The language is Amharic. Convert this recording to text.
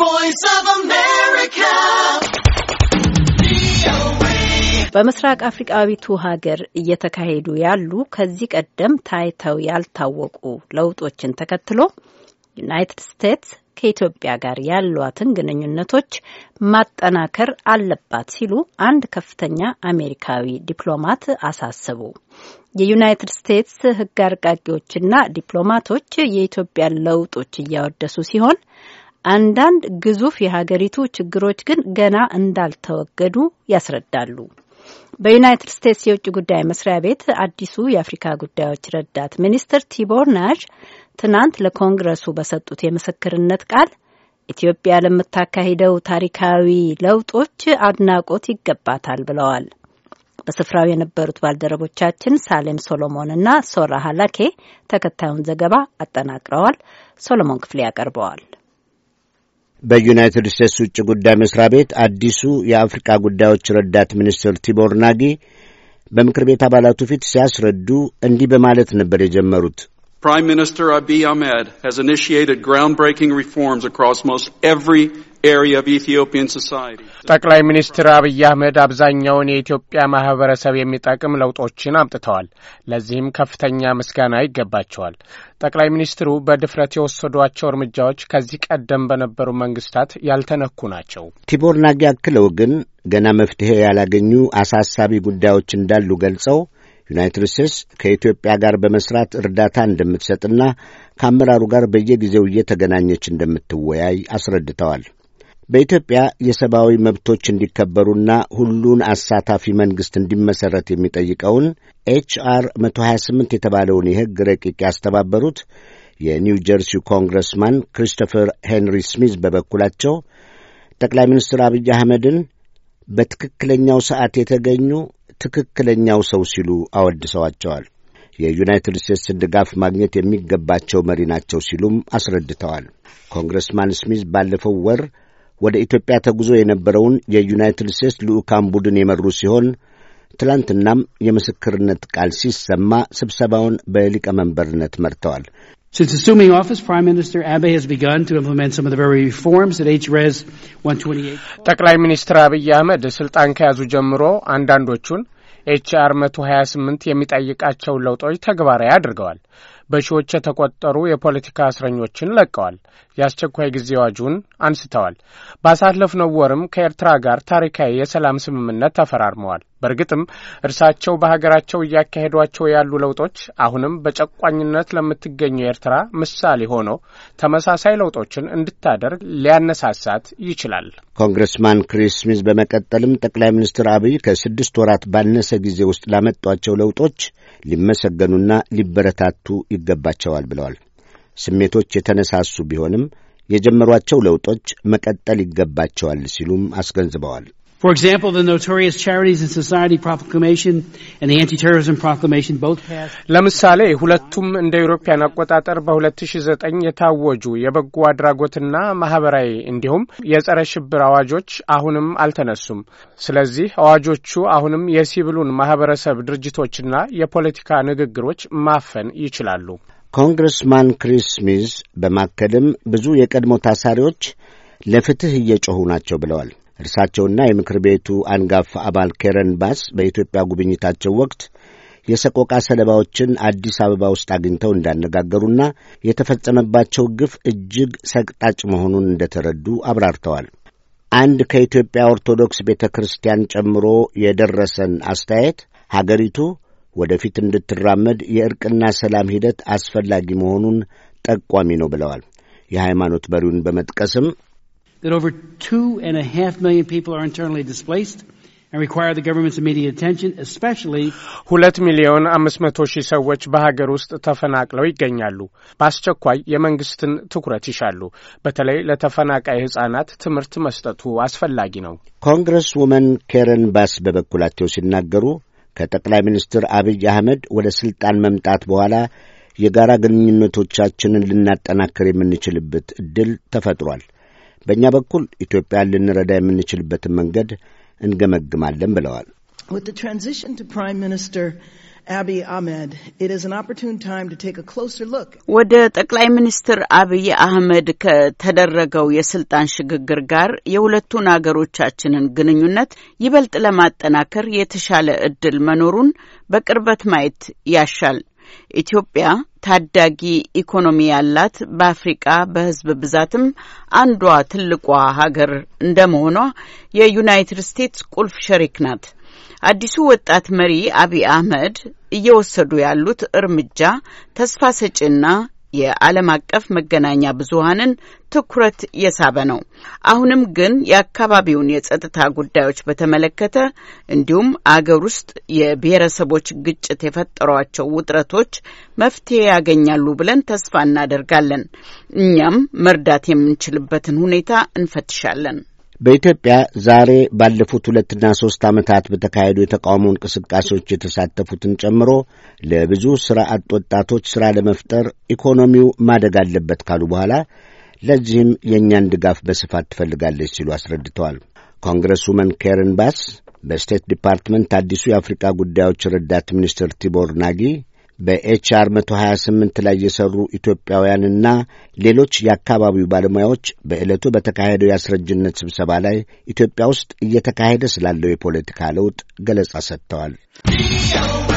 voice of በምስራቅ አፍሪቃዊቱ ሀገር እየተካሄዱ ያሉ ከዚህ ቀደም ታይተው ያልታወቁ ለውጦችን ተከትሎ ዩናይትድ ስቴትስ ከኢትዮጵያ ጋር ያሏትን ግንኙነቶች ማጠናከር አለባት ሲሉ አንድ ከፍተኛ አሜሪካዊ ዲፕሎማት አሳሰቡ። የዩናይትድ ስቴትስ ሕግ አርቃቂዎችና ዲፕሎማቶች የኢትዮጵያን ለውጦች እያወደሱ ሲሆን አንዳንድ ግዙፍ የሀገሪቱ ችግሮች ግን ገና እንዳልተወገዱ ያስረዳሉ። በዩናይትድ ስቴትስ የውጭ ጉዳይ መስሪያ ቤት አዲሱ የአፍሪካ ጉዳዮች ረዳት ሚኒስትር ቲቦር ናዥ ትናንት ለኮንግረሱ በሰጡት የምስክርነት ቃል ኢትዮጵያ ለምታካሂደው ታሪካዊ ለውጦች አድናቆት ይገባታል ብለዋል። በስፍራው የነበሩት ባልደረቦቻችን ሳሌም ሶሎሞን ና ሶራ ሀላኬ ተከታዩን ዘገባ አጠናቅረዋል። ሶሎሞን ክፍሌ ያቀርበዋል። በዩናይትድ ስቴትስ ውጭ ጉዳይ መስሪያ ቤት አዲሱ የአፍሪካ ጉዳዮች ረዳት ሚኒስትር ቲቦር ናጊ በምክር ቤት አባላቱ ፊት ሲያስረዱ እንዲህ በማለት ነበር የጀመሩት። Prime Minister Abiy Ahmed has initiated groundbreaking reforms across most every area of Ethiopian society. ጠቅላይ ሚኒስትር አብይ አህመድ አብዛኛውን የኢትዮጵያ ማህበረሰብ የሚጠቅም ለውጦችን አምጥተዋል። ለዚህም ከፍተኛ ምስጋና ይገባቸዋል። ጠቅላይ ሚኒስትሩ በድፍረት የወሰዷቸው እርምጃዎች ከዚህ ቀደም በነበሩ መንግስታት ያልተነኩ ናቸው። ቲቦር ናጊ አክለው ግን ገና መፍትሄ ያላገኙ አሳሳቢ ጉዳዮች እንዳሉ ገልጸው ዩናይትድ ስቴትስ ከኢትዮጵያ ጋር በመስራት እርዳታ እንደምትሰጥና ከአመራሩ ጋር በየጊዜው እየተገናኘች እንደምትወያይ አስረድተዋል። በኢትዮጵያ የሰብአዊ መብቶች እንዲከበሩና ሁሉን አሳታፊ መንግሥት እንዲመሠረት የሚጠይቀውን ኤች አር 128 የተባለውን የሕግ ረቂቅ ያስተባበሩት የኒው ጀርሲ ኮንግረስማን ክሪስቶፈር ሄንሪ ስሚዝ በበኩላቸው ጠቅላይ ሚኒስትር አብይ አህመድን በትክክለኛው ሰዓት የተገኙ ትክክለኛው ሰው ሲሉ አወድሰዋቸዋል። የዩናይትድ ስቴትስን ድጋፍ ማግኘት የሚገባቸው መሪ ናቸው ሲሉም አስረድተዋል። ኮንግረስማን ስሚዝ ባለፈው ወር ወደ ኢትዮጵያ ተጉዞ የነበረውን የዩናይትድ ስቴትስ ልዑካን ቡድን የመሩ ሲሆን ትላንትናም የምስክርነት ቃል ሲሰማ ስብሰባውን በሊቀመንበርነት መርተዋል። Since assuming office, Prime Minister Abe has begun to implement some of the very reforms that HRES 128 ጠቅላይ ሚኒስትር አብይ አህመድ ስልጣን ከያዙ ጀምሮ አንዳንዶቹን ኤችአር 128 የሚጠይቃቸውን ለውጦች ተግባራዊ አድርገዋል። በሺዎች የተቆጠሩ የፖለቲካ እስረኞችን ለቀዋል። የአስቸኳይ ጊዜ አዋጁን አንስተዋል። ባሳለፍነው ወርም ከኤርትራ ጋር ታሪካዊ የሰላም ስምምነት ተፈራርመዋል። በእርግጥም እርሳቸው በሀገራቸው እያካሄዷቸው ያሉ ለውጦች አሁንም በጨቋኝነት ለምትገኘው ኤርትራ ምሳሌ ሆኖ ተመሳሳይ ለውጦችን እንድታደርግ ሊያነሳሳት ይችላል። ኮንግረስማን ክሪስ ስሚዝ በመቀጠልም ጠቅላይ ሚኒስትር አብይ ከስድስት ወራት ባነሰ ጊዜ ውስጥ ላመጧቸው ለውጦች ሊመሰገኑና ሊበረታቱ ይገባቸዋል ብለዋል። ስሜቶች የተነሳሱ ቢሆንም የጀመሯቸው ለውጦች መቀጠል ይገባቸዋል ሲሉም አስገንዝበዋል። For example, the Notorious Charities and Society Proclamation and the Anti-Terrorism Proclamation both passed. ለምሳሌ ሁለቱም እንደ ኢሮፓያን አቆጣጠር በ2009 የታወጁ የበጎ አድራጎትና ማህበራዊ እንዲሁም የጸረ ሽብር አዋጆች አሁንም አልተነሱም። ስለዚህ አዋጆቹ አሁንም የሲቪሉን ማህበረሰብ ድርጅቶችና የፖለቲካ ንግግሮች ማፈን ይችላሉ። ኮንግረስማን ክሪስ ሚዝ በማከልም ብዙ የቀድሞ ታሳሪዎች ለፍትህ እየጮኹ ናቸው ብለዋል። እርሳቸውና የምክር ቤቱ አንጋፋ አባል ኬረን ባስ በኢትዮጵያ ጉብኝታቸው ወቅት የሰቆቃ ሰለባዎችን አዲስ አበባ ውስጥ አግኝተው እንዳነጋገሩና የተፈጸመባቸው ግፍ እጅግ ሰቅጣጭ መሆኑን እንደተረዱ አብራርተዋል። አንድ ከኢትዮጵያ ኦርቶዶክስ ቤተ ክርስቲያን ጨምሮ የደረሰን አስተያየት ሀገሪቱ ወደፊት እንድትራመድ የእርቅና ሰላም ሂደት አስፈላጊ መሆኑን ጠቋሚ ነው ብለዋል። የሃይማኖት መሪውን በመጥቀስም that over two and a half million people are internally displaced and require the government's immediate attention, especially ሁለት ሚሊዮን አምስት መቶ ሺህ ሰዎች በሀገር ውስጥ ተፈናቅለው ይገኛሉ። በአስቸኳይ የመንግስትን ትኩረት ይሻሉ። በተለይ ለተፈናቃይ ህጻናት ትምህርት መስጠቱ አስፈላጊ ነው። ኮንግረስ ውመን ኬረን ባስ በበኩላቸው ሲናገሩ ከጠቅላይ ሚኒስትር አብይ አህመድ ወደ ስልጣን መምጣት በኋላ የጋራ ግንኙነቶቻችንን ልናጠናክር የምንችልበት ዕድል ተፈጥሯል በእኛ በኩል ኢትዮጵያ ልንረዳ የምንችልበትን መንገድ እንገመግማለን ብለዋል። ወደ ጠቅላይ ሚኒስትር አብይ አህመድ ከተደረገው የስልጣን ሽግግር ጋር የሁለቱን አገሮቻችንን ግንኙነት ይበልጥ ለማጠናከር የተሻለ እድል መኖሩን በቅርበት ማየት ያሻል። ኢትዮጵያ ታዳጊ ኢኮኖሚ ያላት በአፍሪቃ በህዝብ ብዛትም አንዷ ትልቋ ሀገር እንደመሆኗ የዩናይትድ ስቴትስ ቁልፍ ሸሪክ ናት። አዲሱ ወጣት መሪ አቢይ አህመድ እየወሰዱ ያሉት እርምጃ ተስፋ ሰጪና የዓለም አቀፍ መገናኛ ብዙሀንን ትኩረት የሳበ ነው። አሁንም ግን የአካባቢውን የጸጥታ ጉዳዮች በተመለከተ እንዲሁም አገር ውስጥ የብሔረሰቦች ግጭት የፈጠሯቸው ውጥረቶች መፍትሄ ያገኛሉ ብለን ተስፋ እናደርጋለን። እኛም መርዳት የምንችልበትን ሁኔታ እንፈትሻለን። በኢትዮጵያ ዛሬ ባለፉት ሁለትና ሦስት ዓመታት በተካሄዱ የተቃውሞ እንቅስቃሴዎች የተሳተፉትን ጨምሮ ለብዙ ሥራ አጥ ወጣቶች ሥራ ለመፍጠር ኢኮኖሚው ማደግ አለበት ካሉ በኋላ ለዚህም የእኛን ድጋፍ በስፋት ትፈልጋለች ሲሉ አስረድተዋል። ኮንግረስውመን ኬርን ባስ በስቴት ዲፓርትመንት አዲሱ የአፍሪካ ጉዳዮች ረዳት ሚኒስትር ቲቦር ናጊ በኤችአር 128 ላይ የሰሩ ኢትዮጵያውያንና ሌሎች የአካባቢው ባለሙያዎች በዕለቱ በተካሄደው የአስረጅነት ስብሰባ ላይ ኢትዮጵያ ውስጥ እየተካሄደ ስላለው የፖለቲካ ለውጥ ገለጻ ሰጥተዋል።